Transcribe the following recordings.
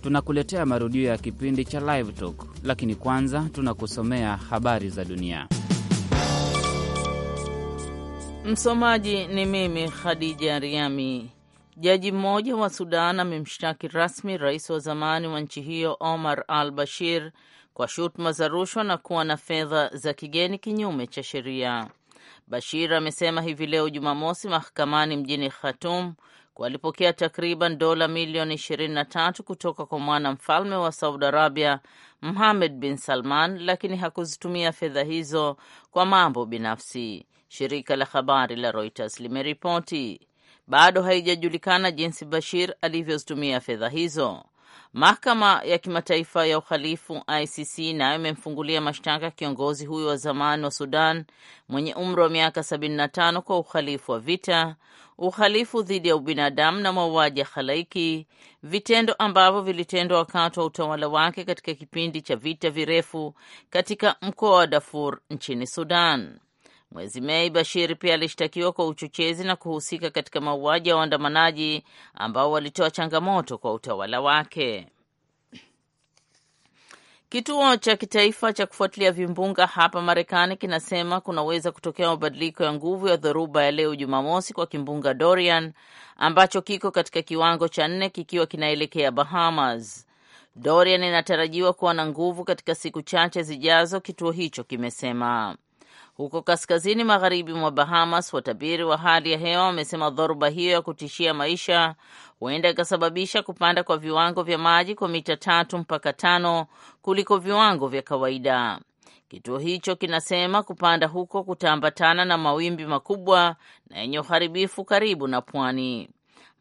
tunakuletea marudio ya kipindi cha Live Talk, lakini kwanza tunakusomea habari za dunia. Msomaji ni mimi Khadija Riami. Jaji mmoja wa Sudan amemshtaki rasmi rais wa zamani wa nchi hiyo Omar al Bashir kwa shutuma za rushwa na kuwa na fedha za kigeni kinyume cha sheria. Bashir amesema hivi leo Jumamosi mahakamani mjini Khartoum walipokea takriban dola milioni 23 kutoka kwa mwanamfalme wa Saudi Arabia Mohammed bin Salman, lakini hakuzitumia fedha hizo kwa mambo binafsi, shirika la habari la Reuters limeripoti. Bado haijajulikana jinsi Bashir alivyozitumia fedha hizo. Mahakama ya kimataifa ya uhalifu ICC nayo imemfungulia mashtaka kiongozi huyo wa zamani wa Sudan mwenye umri wa miaka 75 kwa uhalifu wa vita, uhalifu dhidi ya ubinadamu na mauaji ya halaiki, vitendo ambavyo vilitendwa wakati wa utawala wake katika kipindi cha vita virefu katika mkoa wa Darfur nchini Sudan. Mwezi Mei, Bashir pia alishtakiwa kwa uchochezi na kuhusika katika mauaji ya waandamanaji ambao walitoa changamoto kwa utawala wake. Kituo cha kitaifa cha kufuatilia vimbunga hapa Marekani kinasema kunaweza kutokea mabadiliko ya nguvu ya dhoruba ya leo Jumamosi kwa kimbunga Dorian ambacho kiko katika kiwango cha nne kikiwa kinaelekea Bahamas. Dorian inatarajiwa kuwa na nguvu katika siku chache zijazo, kituo hicho kimesema. Huko kaskazini magharibi mwa Bahamas, watabiri wa hali ya hewa wamesema dhoruba hiyo ya kutishia maisha huenda ikasababisha kupanda kwa viwango vya maji kwa mita tatu mpaka tano kuliko viwango vya kawaida. Kituo hicho kinasema kupanda huko kutaambatana na mawimbi makubwa na yenye uharibifu karibu na pwani.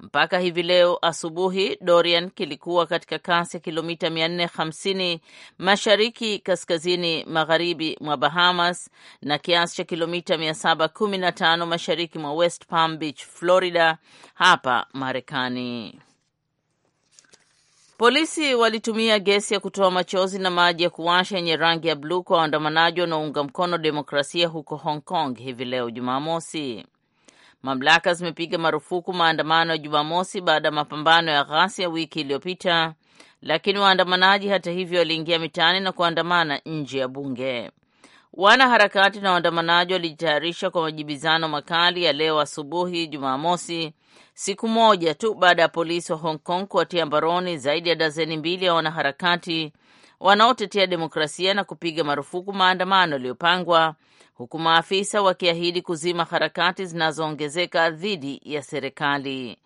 Mpaka hivi leo asubuhi, Dorian kilikuwa katika kasi ya kilomita 450 mashariki kaskazini magharibi mwa Bahamas na kiasi cha kilomita 715 mashariki mwa West Palm Beach, Florida, hapa Marekani. Polisi walitumia gesi ya kutoa machozi na maji ya kuwasha yenye rangi ya bluu kwa waandamanaji wanaounga mkono demokrasia huko Hong Kong hivi leo Jumamosi. Mamlaka zimepiga marufuku maandamano ya Jumamosi baada ya mapambano ya ghasia wiki iliyopita, lakini waandamanaji hata hivyo waliingia mitaani na kuandamana nje ya bunge. Wanaharakati na waandamanaji walijitayarisha kwa majibizano makali ya leo asubuhi Jumamosi, siku moja tu baada ya polisi wa Hong Kong kuwatia mbaroni zaidi ya dazeni mbili ya wanaharakati wanaotetea demokrasia na kupiga marufuku maandamano yaliyopangwa huku maafisa wakiahidi kuzima harakati zinazoongezeka dhidi ya serikali.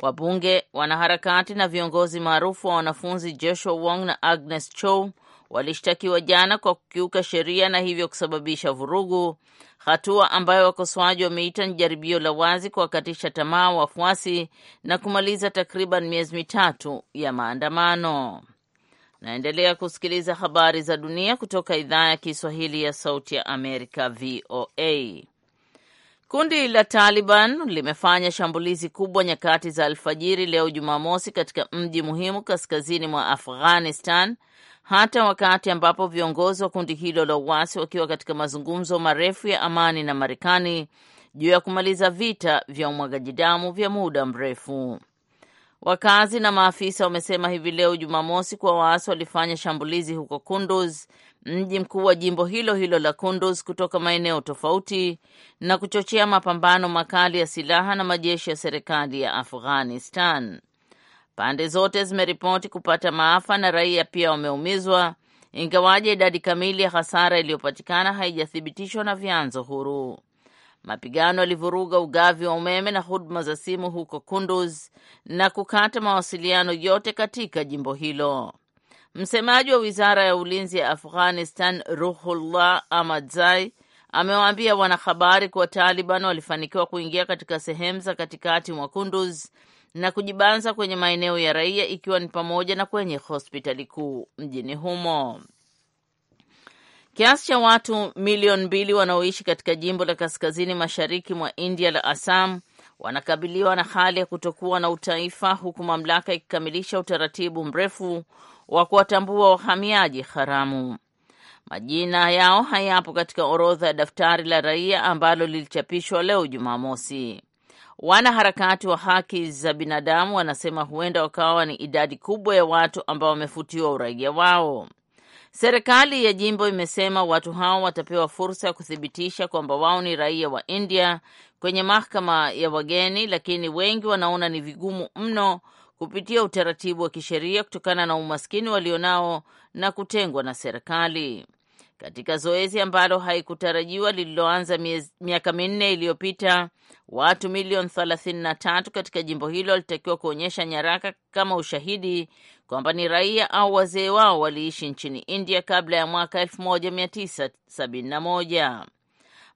Wabunge, wanaharakati na viongozi maarufu wa wanafunzi Joshua Wong na Agnes Chow walishtakiwa jana kwa kukiuka sheria na hivyo kusababisha vurugu, hatua ambayo wakosoaji wameita ni jaribio la wazi kuwakatisha tamaa wafuasi na kumaliza takriban miezi mitatu ya maandamano. Naendelea kusikiliza habari za dunia kutoka idhaa ya Kiswahili ya Sauti ya Amerika, VOA. Kundi la Taliban limefanya shambulizi kubwa nyakati za alfajiri leo Jumamosi katika mji muhimu kaskazini mwa Afghanistan, hata wakati ambapo viongozi wa kundi hilo la uasi wakiwa katika mazungumzo marefu ya amani na Marekani juu ya kumaliza vita vya umwagaji damu vya muda mrefu. Wakazi na maafisa wamesema hivi leo Jumamosi kuwa waasi walifanya shambulizi huko Kunduz, mji mkuu wa jimbo hilo hilo la Kunduz, kutoka maeneo tofauti na kuchochea mapambano makali ya silaha na majeshi ya serikali ya Afghanistan. Pande zote zimeripoti kupata maafa na raia pia wameumizwa, ingawaje idadi kamili ya hasara iliyopatikana haijathibitishwa na vyanzo huru. Mapigano yalivuruga ugavi wa umeme na huduma za simu huko Kunduz na kukata mawasiliano yote katika jimbo hilo. Msemaji wa wizara ya ulinzi ya Afghanistan, Ruhullah Ahmadzai, amewaambia wanahabari kuwa Taliban walifanikiwa kuingia katika sehemu za katikati mwa Kunduz na kujibanza kwenye maeneo ya raia, ikiwa ni pamoja na kwenye hospitali kuu mjini humo. Kiasi cha watu milioni mbili wanaoishi katika jimbo la kaskazini mashariki mwa India la Assam wanakabiliwa na hali ya kutokuwa na utaifa huku mamlaka ikikamilisha utaratibu mrefu wa kuwatambua wahamiaji haramu. Majina yao hayapo katika orodha ya daftari la raia ambalo lilichapishwa leo Jumamosi. Wanaharakati wa haki za binadamu wanasema huenda wakawa ni idadi kubwa ya watu ambao wamefutiwa uraia wao. Serikali ya jimbo imesema watu hao watapewa fursa ya kuthibitisha kwamba wao ni raia wa India kwenye mahakama ya wageni, lakini wengi wanaona ni vigumu mno kupitia utaratibu wa kisheria kutokana na umaskini walionao na kutengwa na serikali. Katika zoezi ambalo haikutarajiwa lililoanza miaka minne iliyopita, watu milioni 33 katika jimbo hilo walitakiwa kuonyesha nyaraka kama ushahidi kwamba ni raia au wazee wao waliishi nchini India kabla ya mwaka 1971.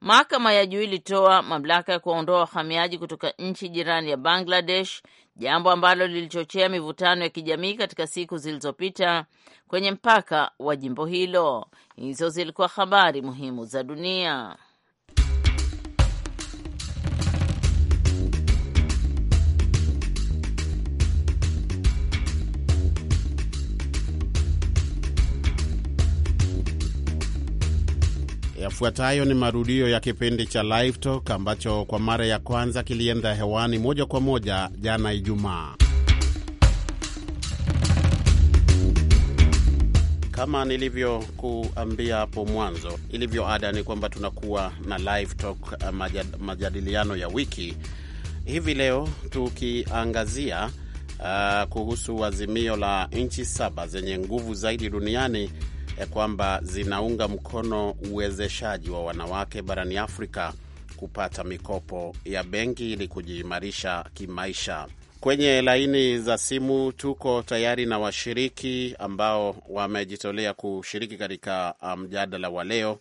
Mahakama ya juu ilitoa mamlaka ya kuwaondoa wahamiaji kutoka nchi jirani ya Bangladesh, jambo ambalo lilichochea mivutano ya kijamii katika siku zilizopita kwenye mpaka wa jimbo hilo. Hizo zilikuwa habari muhimu za dunia. Yafuatayo ni marudio ya kipindi cha Live Talk ambacho kwa mara ya kwanza kilienda hewani moja kwa moja jana Ijumaa. Kama nilivyokuambia hapo mwanzo, ilivyo ada ni kwamba tunakuwa na Live Talk, eh, majadiliano ya wiki hivi leo, tukiangazia uh, kuhusu azimio la nchi saba zenye nguvu zaidi duniani kwamba zinaunga mkono uwezeshaji wa wanawake barani Afrika kupata mikopo ya benki ili kujiimarisha kimaisha. Kwenye laini za simu tuko tayari na washiriki ambao wamejitolea kushiriki katika uh, mjadala wa leo,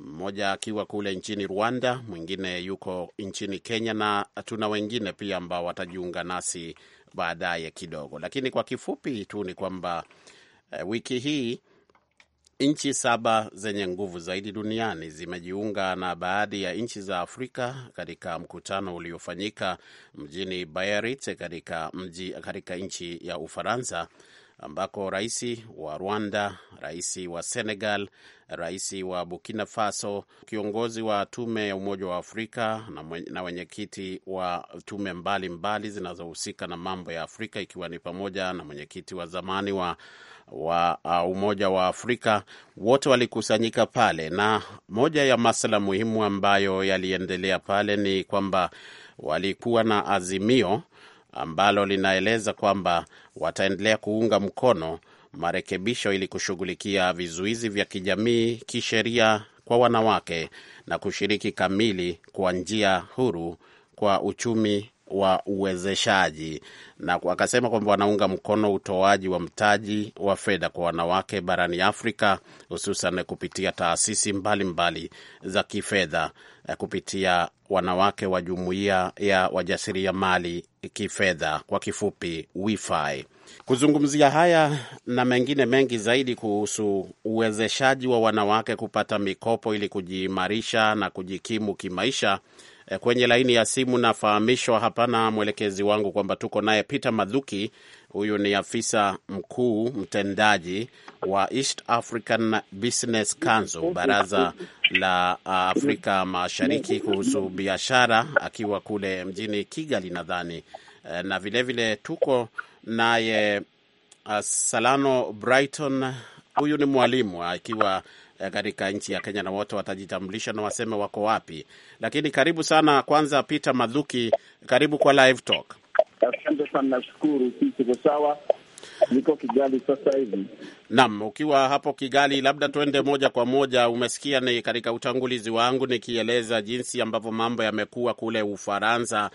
mmoja akiwa kule nchini Rwanda, mwingine yuko nchini Kenya na tuna wengine pia ambao watajiunga nasi baadaye kidogo. Lakini kwa kifupi tu ni kwamba uh, wiki hii Nchi saba zenye nguvu zaidi duniani zimejiunga na baadhi ya nchi za Afrika katika mkutano uliofanyika mjini Biarritz katika mji katika nchi ya Ufaransa ambako rais wa Rwanda, rais wa Senegal rais wa Burkina Faso, kiongozi wa tume ya Umoja wa Afrika na mwenyekiti wa tume mbalimbali zinazohusika na mambo ya Afrika, ikiwa ni pamoja na mwenyekiti wa zamani wa, wa uh, Umoja wa Afrika, wote walikusanyika pale, na moja ya masuala muhimu ambayo yaliendelea pale ni kwamba walikuwa na azimio ambalo linaeleza kwamba wataendelea kuunga mkono marekebisho ili kushughulikia vizuizi vya kijamii, kisheria kwa wanawake na kushiriki kamili kwa njia huru kwa uchumi wa uwezeshaji na akasema kwamba wanaunga mkono utoaji wa mtaji wa fedha kwa wanawake barani Afrika hususan kupitia taasisi mbalimbali mbali za kifedha Eh, kupitia wanawake wa jumuiya ya wajasiriamali kifedha, kwa kifupi WIFI. Kuzungumzia haya na mengine mengi zaidi kuhusu uwezeshaji wa wanawake kupata mikopo ili kujiimarisha na kujikimu kimaisha, eh, kwenye laini ya simu nafahamishwa hapana mwelekezi wangu kwamba tuko naye Peter Madhuki Huyu ni afisa mkuu mtendaji wa East African Business Council, baraza la uh, Afrika Mashariki kuhusu biashara, akiwa kule mjini Kigali nadhani. Eh, na vilevile vile tuko naye uh, Salano Brighton, huyu ni mwalimu akiwa eh, katika nchi ya Kenya, na wote watajitambulisha na waseme wako wapi. Lakini karibu sana kwanza, Peter Madhuki, karibu kwa Live Talk. Asante sana, nashukuru. Sisi kwa sawa, niko Kigali sasa hivi. Naam, ukiwa hapo Kigali, labda tuende moja kwa moja. Umesikia ni katika utangulizi wangu nikieleza jinsi ambavyo mambo yamekuwa kule Ufaransa.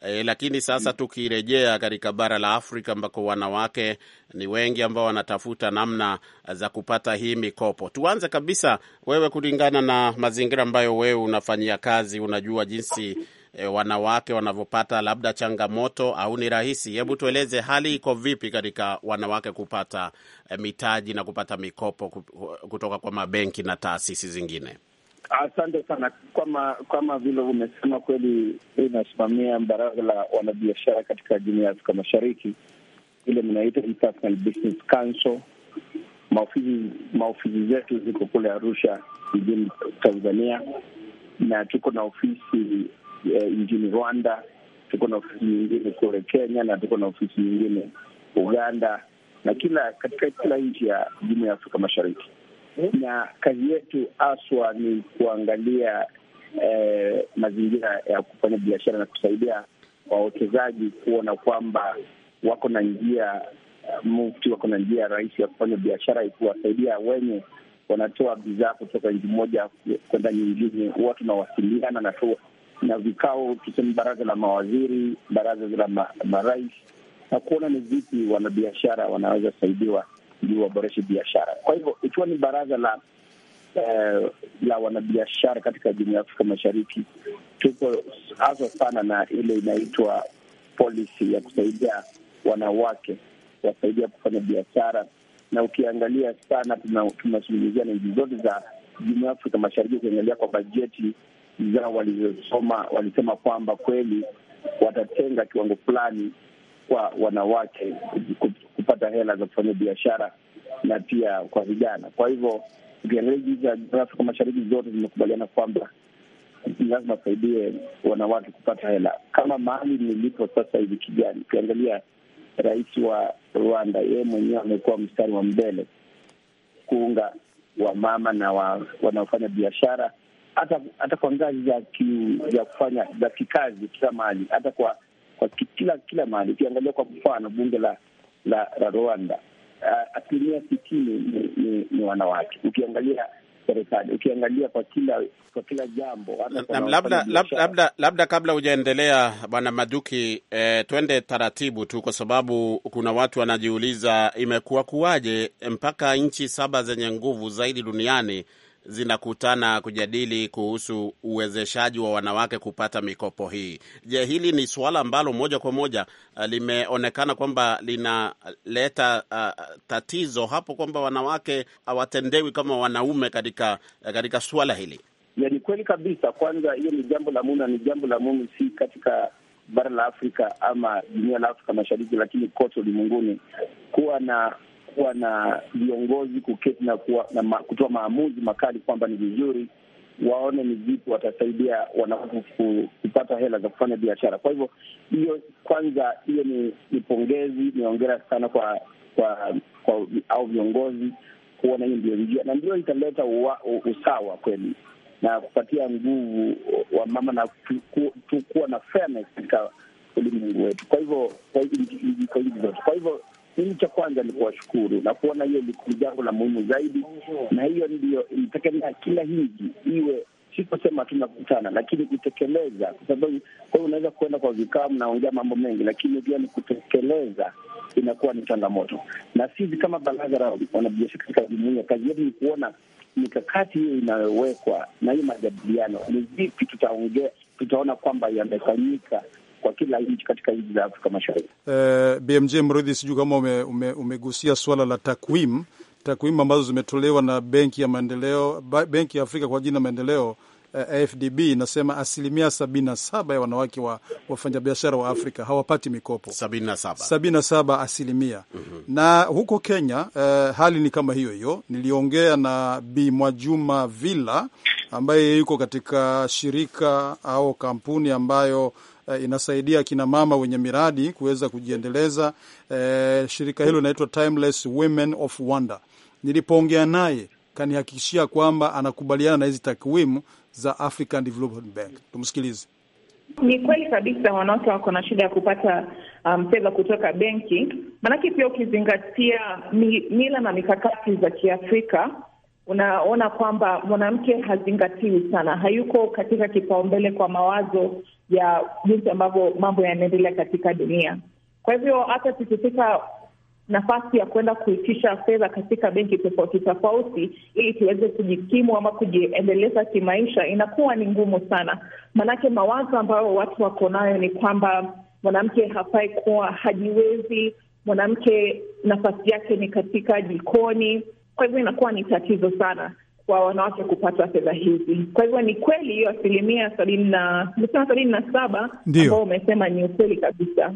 E, lakini sasa tukirejea katika bara la Afrika ambako wanawake ni wengi ambao wanatafuta namna za kupata hii mikopo. Tuanze kabisa, wewe, kulingana na mazingira ambayo wewe unafanyia kazi, unajua jinsi e, wanawake wanavyopata labda changamoto au ni rahisi? Hebu tueleze hali iko vipi katika wanawake kupata e, mitaji na kupata mikopo kutoka kwa mabenki na taasisi zingine? Asante sana. Kama kama vile umesema kweli, inasimamia baraza la wanabiashara katika jumuiya ya Afrika Mashariki, ile mnaita International Business Council. Maofisi maofisi zetu ziko kule Arusha, jijini Tanzania, na tuko na ofisi Eh, nchini Rwanda, tuko na ofisi nyingine kule Kenya na tuko na ofisi nyingine Uganda na kila katika kila nchi ya jumuiya ya Afrika Mashariki, na kazi yetu haswa ni kuangalia eh, mazingira ya kufanya biashara na kusaidia wawekezaji kuona kwamba wako na njia mufti, wako na njia rahisi ya kufanya biashara, ikiwasaidia wenye wanatoa bidhaa kutoka nchi moja kwenda nyingine. Huwa tunawasiliana na na vikao, tuseme baraza la mawaziri, baraza la ma, marais na kuona ni vipi wanabiashara wanaweza saidiwa ili waboreshe biashara. Kwa hivyo ikiwa ni baraza la eh, la wanabiashara katika jumuiya ya Afrika Mashariki, tuko haswa sana na ile inaitwa policy ya kusaidia wanawake wasaidia kufanya biashara, na ukiangalia sana tunazungumzia na nchi zote za jumuiya ya Afrika Mashariki, ukiangalia kwa bajeti zao walizosoma walisema kwamba kweli watatenga kiwango fulani kwa wanawake kupata hela za kufanya biashara na pia kwa vijana. Kwa hivyo ukiangalia nchi za Afrika Mashariki zote zimekubaliana kwamba lazima wasaidie wanawake kupata hela. Kama mahali nilipo sasa hivi kijani ukiangalia rais wa Rwanda yeye mwenyewe amekuwa mstari wa mbele kuunga wamama na wa, wanaofanya biashara hata hata kwa ngazi ya ki, ya kufanya za kikazi kila mahali, hata kwa kwa kila kila mahali. Ukiangalia kwa mfano bunge la la, la Rwanda uh, asilimia sitini ni, ni, ni wanawake. Ukiangalia serikali, ukiangalia kwa kila kwa kila jambo hata labda, labda, labda kabla hujaendelea Bwana Maduki eh, twende taratibu tu, kwa sababu kuna watu wanajiuliza imekuwa kuwaje mpaka nchi saba zenye nguvu zaidi duniani zinakutana kujadili kuhusu uwezeshaji wa wanawake kupata mikopo hii. Je, hili ni suala ambalo moja kwa moja uh, limeonekana kwamba linaleta uh, tatizo hapo kwamba wanawake hawatendewi kama wanaume katika, uh, katika suala hili? Ya, ni kweli kabisa. Kwanza hiyo ni jambo la muhimu na ni jambo la muhimu si katika bara la Afrika ama dunia la Afrika Mashariki, lakini kote ulimwenguni kuwa na kuwa na viongozi kuketi na, na kutoa maamuzi makali kwamba ni vizuri waone ni vipi watasaidia wanawake kupata hela za kufanya biashara. Kwa hivyo hiyo kwanza, hiyo ni, ni pongezi, ni ongera sana kwa kwa, kwa au viongozi kuona hiyo ndio njia na ndio italeta usawa kweli na kupatia nguvu wa mama na kuwa na fairness katika ulimwengu wetu. Kwa hivyo kwa hivyo kitu cha kwanza ni kuwashukuru na kuona hiyo ni jambo la muhimu zaidi, na hiyo ndio ilitegemea kila hiji iwe sikusema tunakutana lakini kutekeleza, kwa sababu kwa hiyo unaweza kuenda kwa vikao, mnaongea mambo mengi, lakini pia ni kutekeleza inakuwa ni changamoto. Na sisi kama baraza la wanabiashara katika jumuia, kazi yetu ni kuona mikakati hiyo inayowekwa na hiyo majadiliano, ni vipi tutaongea, tutaona kwamba yamefanyika kwa kila nchi katika nchi za Afrika Mashariki. Uh, eh, BMJ Mridhi, sijui kama ume, ume, umegusia swala la takwimu takwimu ambazo zimetolewa na benki ya maendeleo, benki ya Afrika kwa jina maendeleo eh, AFDB inasema asilimia sabini na saba ya wanawake wa wafanyabiashara wa Afrika hawapati mikopo, sabini saba, sabini na saba asilimia. mm -hmm. Na huko Kenya eh, hali ni kama hiyo hiyo. Niliongea na Bi Mwajuma Villa ambaye yuko katika shirika au kampuni ambayo uh, inasaidia kina mama wenye miradi kuweza kujiendeleza. Uh, shirika hilo linaitwa Timeless Women of Wonder. Nilipoongea naye kanihakikishia kwamba anakubaliana na hizi takwimu za African Development Bank. Tumsikilize. Ni kweli kabisa, wanawake wako na shida ya kupata um, fedha um, kutoka benki, maanake pia ukizingatia mila na mikakati za Kiafrika unaona kwamba mwanamke hazingatiwi sana, hayuko katika kipaumbele kwa mawazo ya jinsi ambavyo mambo yanaendelea katika dunia. Kwa hivyo hata tukifika nafasi ya kwenda kuitisha fedha katika benki tofauti tofauti ili tuweze kujikimu ama kujiendeleza kimaisha, inakuwa ni ngumu sana, maanake mawazo ambayo watu wako nayo ni kwamba mwanamke hafai kuwa hajiwezi, mwanamke nafasi yake ni katika jikoni kwa hivyo inakuwa ni tatizo sana kwa wanawake kupata fedha hizi. Kwa hivyo ni kweli hiyo asilimia sabini na umesema sabini na saba ambao umesema ni ukweli kabisa.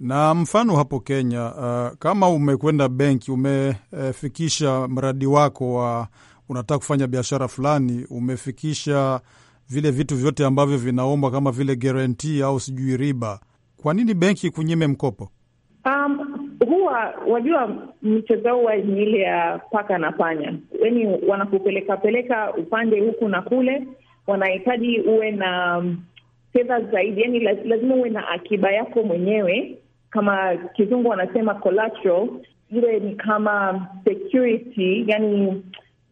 Na mfano hapo Kenya, uh, kama umekwenda benki umefikisha uh, mradi wako wa uh, unataka kufanya biashara fulani, umefikisha vile vitu vyote ambavyo vinaombwa kama vile guarantee au sijui riba, kwa nini benki kunyime mkopo? Um, huwa wajua, mchezo huwa ni ile ya paka na panya, yaani wanakupeleka peleka upande huku na kule. Wanahitaji uwe na um, fedha zaidi, yaani lazima uwe na akiba yako mwenyewe, kama kizungu wanasema collateral, iwe ni kama security, yani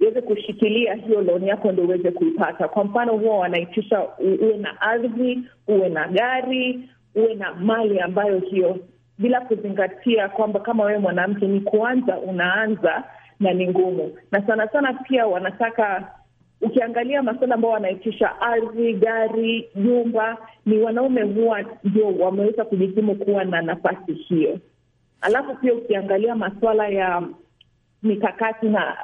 iweze kushikilia hiyo loan yako ndo uweze kuipata. Kwa mfano, huwa wanaitisha uwe na ardhi, uwe na gari, uwe na mali ambayo hiyo bila kuzingatia kwamba kama wewe mwanamke ni kuanza, unaanza na ni ngumu, na sana sana pia wanataka ukiangalia masuala ambao wanaitisha ardhi, gari, nyumba, ni wanaume huwa ndio wameweza kujikimu kuwa na nafasi hiyo. Alafu pia ukiangalia masuala ya mikakati na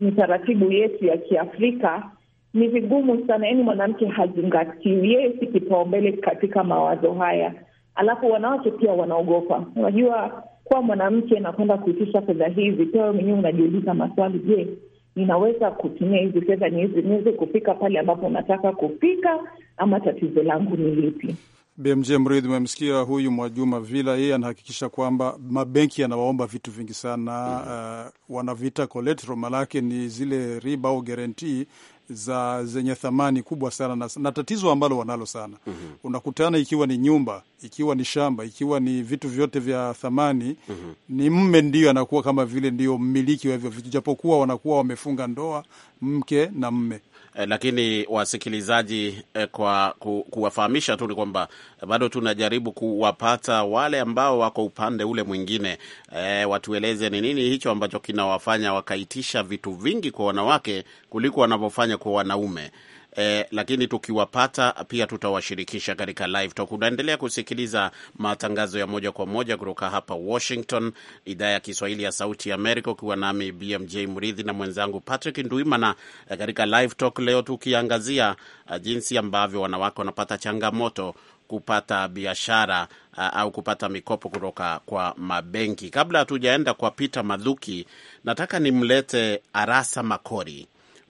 mitaratibu yetu ya Kiafrika ni vigumu sana, yaani mwanamke hazingatiwi, yeye si kipaumbele katika mawazo haya alafu wanawake pia wanaogopa. Unajua, kuwa mwanamke na kwenda kuitisha fedha hizi, pia wewe mwenyewe unajiuliza maswali, je, ninaweza kutumia hizi fedha niweze kufika pale ambapo nataka kufika, ama tatizo langu ni lipi? BMJ Mridhi, umemsikia huyu Mwajuma Vila, yeye anahakikisha kwamba mabenki yanawaomba vitu vingi sana. Mm -hmm. Uh, wanavita collateral, malake ni zile riba au guarantee za zenye thamani kubwa sana na, na tatizo ambalo wanalo sana mm -hmm. Unakutana ikiwa ni nyumba, ikiwa ni shamba, ikiwa ni vitu vyote vya thamani mm -hmm. Ni mme ndio anakuwa kama vile ndio mmiliki wa hivyo vitu, japokuwa wanakuwa wamefunga ndoa mke na mme eh, lakini wasikilizaji eh, kwa ku, kuwafahamisha tu ni kwamba eh, bado tunajaribu kuwapata wale ambao wako upande ule mwingine eh, watueleze ni nini hicho ambacho kinawafanya wakaitisha vitu vingi kwa wanawake kuliko wanavyofanya kwa wanaume eh, lakini tukiwapata pia tutawashirikisha katika live talk. Unaendelea kusikiliza matangazo ya moja kwa moja kutoka hapa Washington, idhaa ya Kiswahili ya Sauti ya Amerika, ukiwa nami BMJ Mridhi na mwenzangu Patrick Nduimana eh, katika live talk leo, tukiangazia eh, jinsi ambavyo wanawake wanapata changamoto kupata biashara eh, au kupata mikopo kutoka kwa mabenki. Kabla hatujaenda kwa Peter Madhuki, nataka nimlete Arasa Makori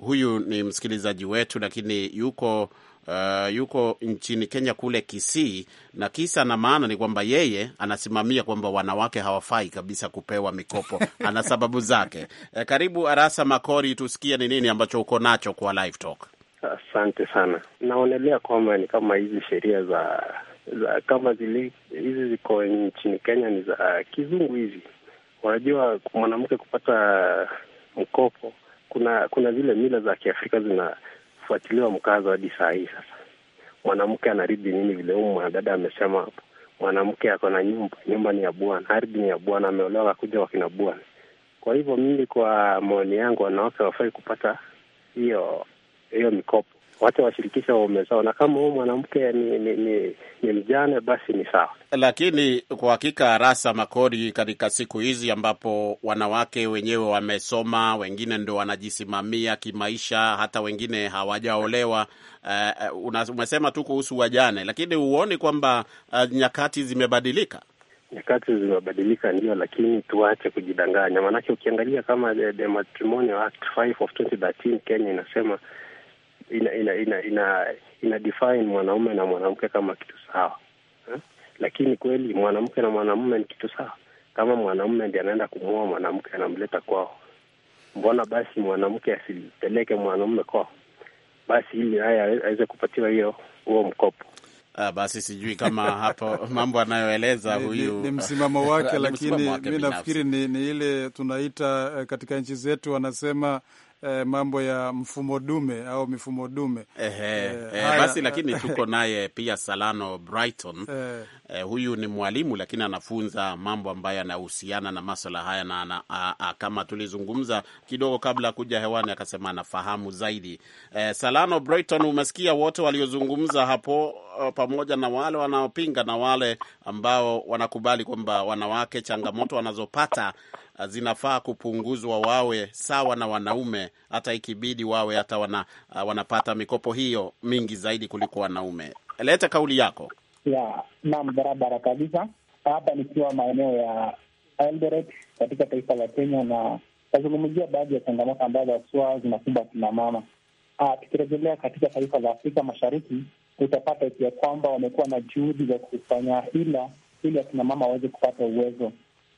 huyu ni msikilizaji wetu, lakini yuko uh, yuko nchini Kenya kule Kisii, na kisa na maana ni kwamba yeye anasimamia kwamba wanawake hawafai kabisa kupewa mikopo. Ana sababu zake. Eh, karibu Arasa Makori, tusikie ni nini ambacho uko nacho kwa live talk. Asante sana. Naonelea kwamba ni kama hizi sheria za za kama zili hizi ziko nchini Kenya ni za uh, kizungu hizi. Unajua, mwanamke kupata mkopo kuna kuna zile mila za Kiafrika zinafuatiliwa mkazo hadi saa hii. Sasa mwanamke anaridhi nini? Vile huyu mwanadada amesema hapo, mwanamke ako na nyumba, nyumba ni ya bwana, ardhi ni ya bwana, ameolewa akakuja wakina bwana. Kwa hivyo mimi, kwa maoni yangu, wanawake wafai kupata hiyo hiyo mikopo wacha washirikisha waume zao, na kama huyu mwanamke ni, ni, ni, ni mjane basi ni sawa. Lakini kwa hakika rasa makodi katika siku hizi ambapo wanawake wenyewe wamesoma, wengine ndo wanajisimamia kimaisha, hata wengine hawajaolewa. Uh, umesema tu kuhusu wajane, lakini huoni kwamba uh, nyakati zimebadilika? Nyakati zimebadilika ndio, lakini tuache kujidanganya, maanake ukiangalia kama the, the Matrimonial Act 5 of 2013 Kenya inasema ina ina ina ina, ina define mwanaume na mwanamke kama kitu sawa ha? Eh? Lakini kweli mwanamke na mwanamume ni kitu sawa? Kama mwanamume ndiye anaenda kumua mwanamke anamleta kwao, mbona basi mwanamke asipeleke mwanamume kwao basi ili haya aweze kupatiwa hiyo huo mkopo? Ah, basi sijui kama hapo mambo anayoeleza huyu ni, ni msimamo wake, lakini mi nafikiri ni, ni ile tunaita eh, katika nchi zetu wanasema eh, mambo ya mfumo dume au mifumo dume eh, eh, eh, basi lakini tuko naye pia Salano Brighton eh. Eh, huyu ni mwalimu lakini anafunza mambo ambayo yanahusiana na maswala haya na, na a, a, kama tulizungumza kidogo kabla ya kuja hewani akasema anafahamu zaidi eh, Salano Brighton, umesikia wote waliozungumza hapo eh, pamoja na wale wanaopinga na wale ambao wanakubali kwamba wanawake changamoto wanazopata zinafaa kupunguzwa wawe sawa na wanaume, hata ikibidi wawe hata wana, uh, wanapata mikopo hiyo mingi zaidi kuliko wanaume. Leta kauli yako. Yeah, naam, barabara kabisa. Hapa nikiwa maeneo ya Eldoret katika taifa la Kenya, na tazungumzia baadhi ya changamoto ambazo haswa zinakumba akina mama. Ah, tukirejelea katika taifa la Afrika Mashariki, utapata ya kwamba wamekuwa na juhudi za kufanya hila ili akina mama waweze kupata uwezo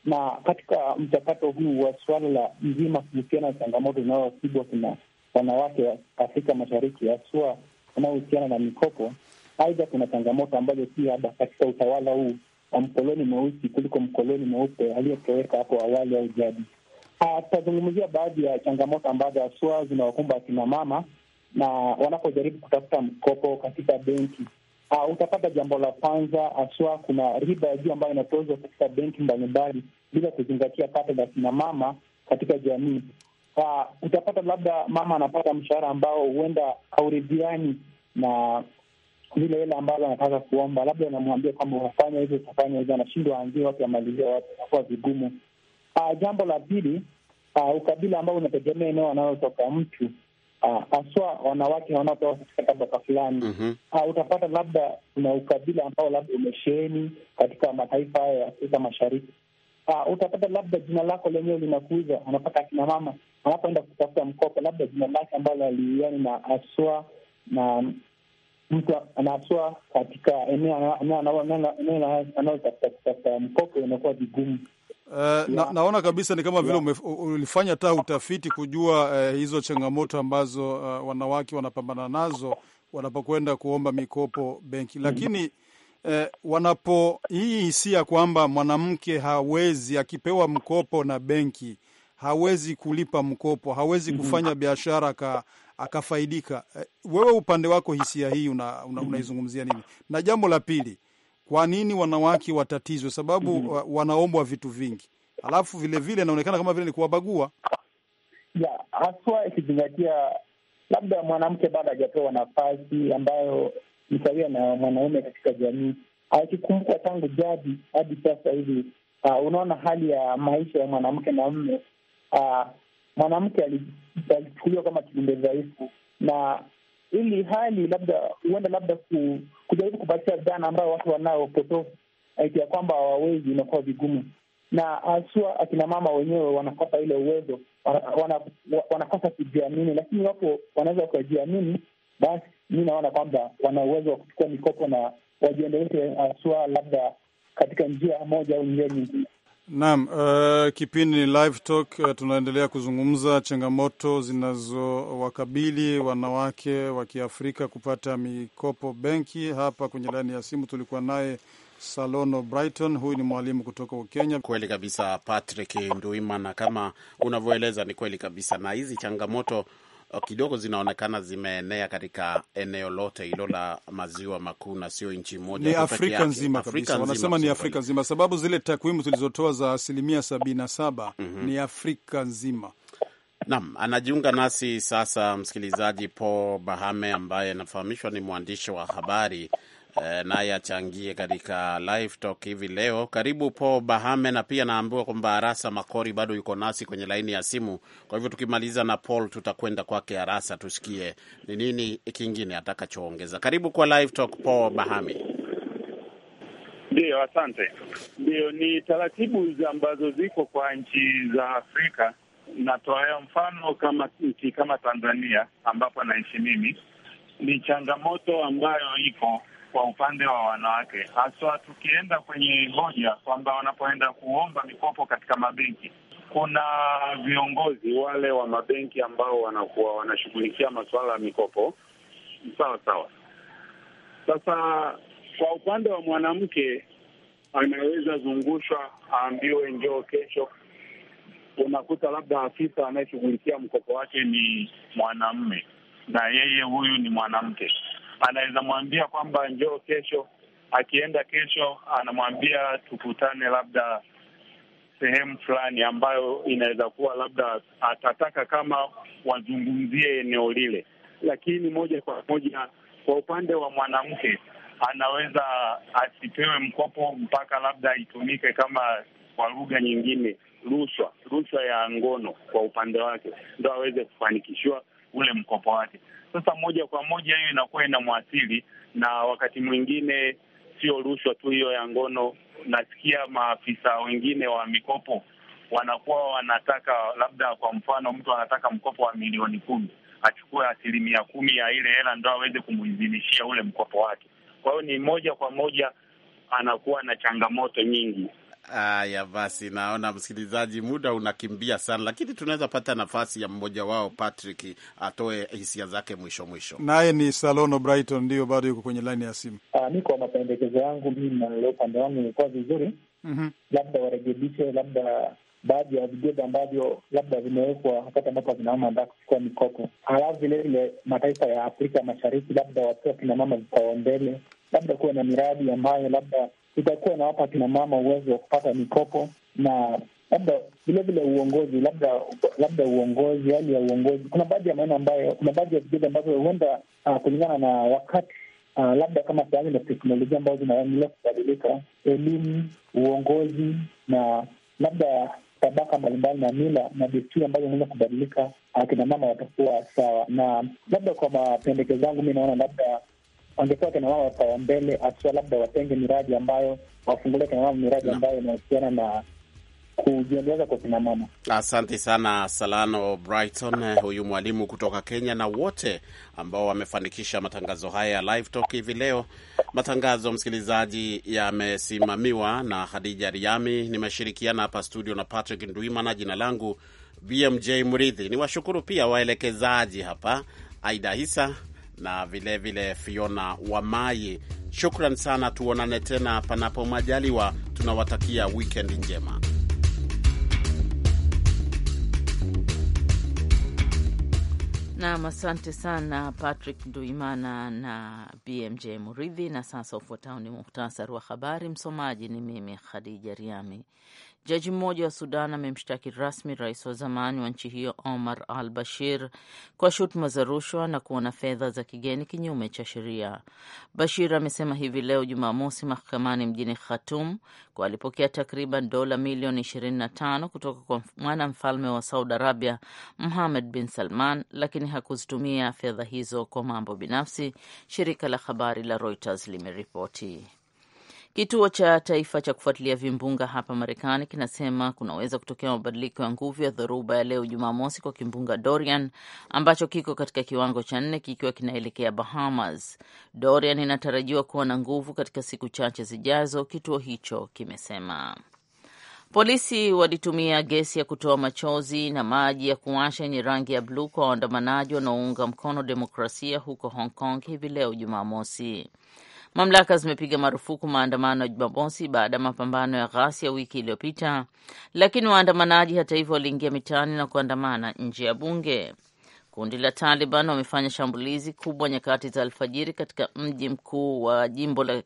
na katika mchakato huu wa suala la mzima kuhusiana na changamoto inayowasibwa kuna wanawake wa Afrika Mashariki haswa wanaohusiana na mikopo. Aidha, kuna changamoto ambazo pia labda katika utawala huu wa mkoloni mweusi kuliko mkoloni mweupe aliyetoweka hapo awali au jadi. Ah, tutazungumzia baadhi ya changamoto ambazo haswa zinawakumba akina mama na wanapojaribu kutafuta mkopo katika benki uh, utapata jambo la kwanza haswa, kuna riba ya juu ambayo inatozwa katika benki mbalimbali bila kuzingatia pato la kina mama katika jamii. Uh, utapata labda mama anapata mshahara ambao huenda hauridhiani na vile hela ambazo anataka kuomba, labda anamwambia kwamba unafanya hivyo, utafanya hivyo, anashindwa aanzie wapi, amalizia wapi, inakuwa vigumu. Uh, jambo la pili, uh, ukabila ambao unategemea eneo anayotoka mtu Ah, haswa uh, wanawake wanapoa katika tabaka fulani mm -hmm. uh, utapata labda kuna ukabila ambao labda umesheheni katika mataifa hayo ya Afrika Mashariki. Uh, utapata labda jina lako lenyewe linakuuza unapata akina mama wanapoenda kutafuta mkopo, labda jina lake ambalo aliiani na aswa na mtu anaswa katika eneo anaotafuta kutafuta mkopo, inakuwa vigumu Uh, na, naona kabisa ni kama vile yeah. ulifanya hata utafiti kujua uh, hizo changamoto ambazo uh, wanawake wanapambana nazo wanapokwenda kuomba mikopo benki, mm-hmm. lakini uh, wanapo hii hisia kwamba mwanamke hawezi akipewa mkopo na benki hawezi kulipa mkopo, hawezi mm-hmm. kufanya biashara akafaidika. wewe upande wako hisia hii unaizungumzia una, una mm-hmm. nini? Na jambo la pili kwa nini wanawake watatizwe? Sababu mm -hmm. wanaombwa vitu vingi, alafu vilevile inaonekana kama vile ni kuwabagua haswa, ikizingatia labda mwanamke bado hajapewa nafasi ambayo ni sawia na mwanaume katika jamii, akikumbuka tangu jadi hadi sasa hivi. Uh, unaona hali ya maisha ya mwanamke na mme. Uh, ah, mwanamke alichukuliwa kama kiumbe dhaifu na ili hali labda huenda labda ku, kujaribu kupatia dhana ambayo watu wanao potofu ya kwamba hawawezi, inakuwa vigumu, na haswa akina mama wenyewe wanakosa ile uwezo, wanakosa wana, wana kujiamini. Lakini iwapo wanaweza wakajiamini, basi mi naona kwamba wana uwezo wa kuchukua mikopo na wajiendeleshe haswa labda katika njia moja au njia nyingine. Naam, uh, kipindi ni Live Talk. Uh, tunaendelea kuzungumza changamoto zinazowakabili wanawake wa Kiafrika kupata mikopo benki. Hapa kwenye laini ya simu tulikuwa naye Salono Brighton, huyu ni mwalimu kutoka Ukenya. Kweli kabisa, Patrick Nduima, na kama unavyoeleza ni kweli kabisa, na hizi changamoto Oh, kidogo zinaonekana zimeenea katika eneo lote hilo la maziwa makuu na sio nchi moja, ni Afrika nzima kabisa. Wanasema ni Afrika nzima, sababu zile takwimu zilizotoa za asilimia sabini na saba mm -hmm. ni Afrika nzima. Naam, anajiunga nasi sasa msikilizaji Paul Bahame ambaye anafahamishwa ni mwandishi wa habari eh, naye achangie katika live talk hivi leo. Karibu Paul Bahame, na pia naambiwa kwamba Arasa Makori bado yuko nasi kwenye laini ya simu. Kwa hivyo tukimaliza na Paul tutakwenda kwake Arasa tusikie ni nini kingine atakachoongeza. Karibu kwa live talk, Paul Bahame. Ndiyo, asante. Ndiyo, ni taratibu ambazo ziko kwa nchi za Afrika. Natoa mfano kama nchi kama Tanzania ambapo naishi mimi, ni changamoto ambayo iko kwa upande wa wanawake, haswa tukienda kwenye hoja kwamba wanapoenda kuomba mikopo katika mabenki kuna viongozi wale wa mabenki ambao wanakuwa wanashughulikia masuala ya mikopo sawa sawa. Sasa kwa upande wa mwanamke, anaweza zungushwa aambiwe njoo kesho. Unakuta labda afisa anayeshughulikia mkopo wake ni mwanamme na yeye huyu ni mwanamke anaweza mwambia kwamba njoo kesho. Akienda kesho, anamwambia tukutane labda sehemu fulani ambayo inaweza kuwa labda atataka kama wazungumzie eneo lile. Lakini moja kwa moja, kwa upande wa mwanamke, anaweza asipewe mkopo mpaka labda itumike kama kwa lugha nyingine, rushwa, rushwa ya ngono kwa upande wake, ndo aweze kufanikishiwa ule mkopo wake. Sasa moja kwa moja hiyo inakuwa inamwathiri, na wakati mwingine sio rushwa tu hiyo ya ngono. Nasikia maafisa wengine wa mikopo wanakuwa wanataka labda, kwa mfano, mtu anataka mkopo wa milioni kumi achukue asilimia kumi ya ile hela ndo aweze kumuidhinishia ule mkopo wake. Kwa hiyo ni moja kwa moja anakuwa na changamoto nyingi Haya basi, naona msikilizaji, muda unakimbia sana, lakini tunaweza pata nafasi ya mmoja wao Patrick atoe hisia zake mwisho mwisho. Naye ni Salono Brighton, ndio bado yuko kwenye laini ya simu. Mi ah, kwa mapendekezo yangu mi nalea upande wangu imekuwa vizuri, mm-hmm. labda warekebishe labda baadhi ya vigezo ambavyo labda vimewekwa wakati ambapo vinaama andaa kuchukua mikopo. Halafu vilevile mataifa ya Afrika Mashariki labda watoa kinamama vipaumbele, labda kuwe na miradi ambayo labda itakuwa inawapa mama uwezo wa kupata mikopo na labda vilevile uongozi, labda labda uongozi, hali ya uongozi. Kuna baadhi ya maeneo ambayo, kuna baadhi ya vigezo ambavyo huenda uh, kulingana na wakati uh, labda kama sayansi na teknolojia ambazo zinaendelea kubadilika, elimu, uongozi na labda tabaka mbalimbali na mila na desturi ambazo inaweza kubadilika, akina mama watakuwa sawa. Na labda kwa mapendekezo yangu, mi naona labda wangekuwa kina mama wakawa mbele, haswa labda watenge miradi ambayo wafungulie kina mama miradi ambayo inahusiana na kujiendeleza kwa kina mama. Asante sana Salano Brighton, eh, huyu mwalimu kutoka Kenya, na wote ambao wamefanikisha matangazo haya ya Live Talk hivi leo. Matangazo msikilizaji, yamesimamiwa na Hadija Riami, nimeshirikiana hapa studio na Patrick Ndwimana. Jina langu BMJ Mridhi. Niwashukuru pia waelekezaji hapa Aida Hisa na vilevile vile Fiona Wamai. Shukran sana, tuonane tena panapo majaliwa. Tunawatakia wikendi njema. Nam, asante sana Patrick Nduimana na BMJ Muridhi. Na sasa ufuatao ni muhtasari wa habari. Msomaji ni mimi Khadija Riami. Jaji mmoja wa Sudan amemshtaki rasmi rais wa zamani wa nchi hiyo Omar al Bashir kwa shutuma za rushwa na kuona fedha za kigeni kinyume cha sheria. Bashir amesema hivi leo Jumamosi mahakamani mjini Khartoum kwa alipokea takriban dola milioni 25 kutoka kwa mwanamfalme wa Saudi Arabia muhamed bin Salman, lakini hakuzitumia fedha hizo kwa mambo binafsi, shirika la habari la Reuters limeripoti. Kituo cha Taifa cha kufuatilia vimbunga hapa Marekani kinasema kunaweza kutokea mabadiliko ya nguvu ya dhoruba ya leo Jumamosi kwa kimbunga Dorian ambacho kiko katika kiwango cha nne kikiwa kinaelekea Bahamas. Dorian inatarajiwa kuwa na nguvu katika siku chache zijazo, kituo hicho kimesema. Polisi walitumia gesi ya kutoa machozi na maji ya kuwasha yenye rangi ya bluu kwa waandamanaji wanaounga mkono demokrasia huko Hong Kong hivi leo Jumamosi. Mamlaka zimepiga marufuku maandamano ya Jumamosi baada ya mapambano ya ghasia wiki iliyopita, lakini waandamanaji hata hivyo waliingia mitaani na kuandamana nje ya bunge. Kundi la Taliban wamefanya shambulizi kubwa nyakati za alfajiri katika mji mkuu wa jimbo la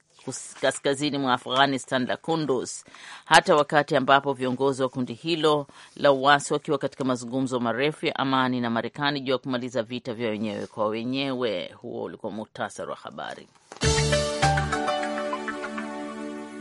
kaskazini mwa Afghanistan la Kunduz, hata wakati ambapo viongozi wa kundi hilo la uasi wakiwa katika mazungumzo marefu ya amani na Marekani juu ya kumaliza vita vya wenyewe kwa wenyewe. Huo ulikuwa muhtasari wa habari.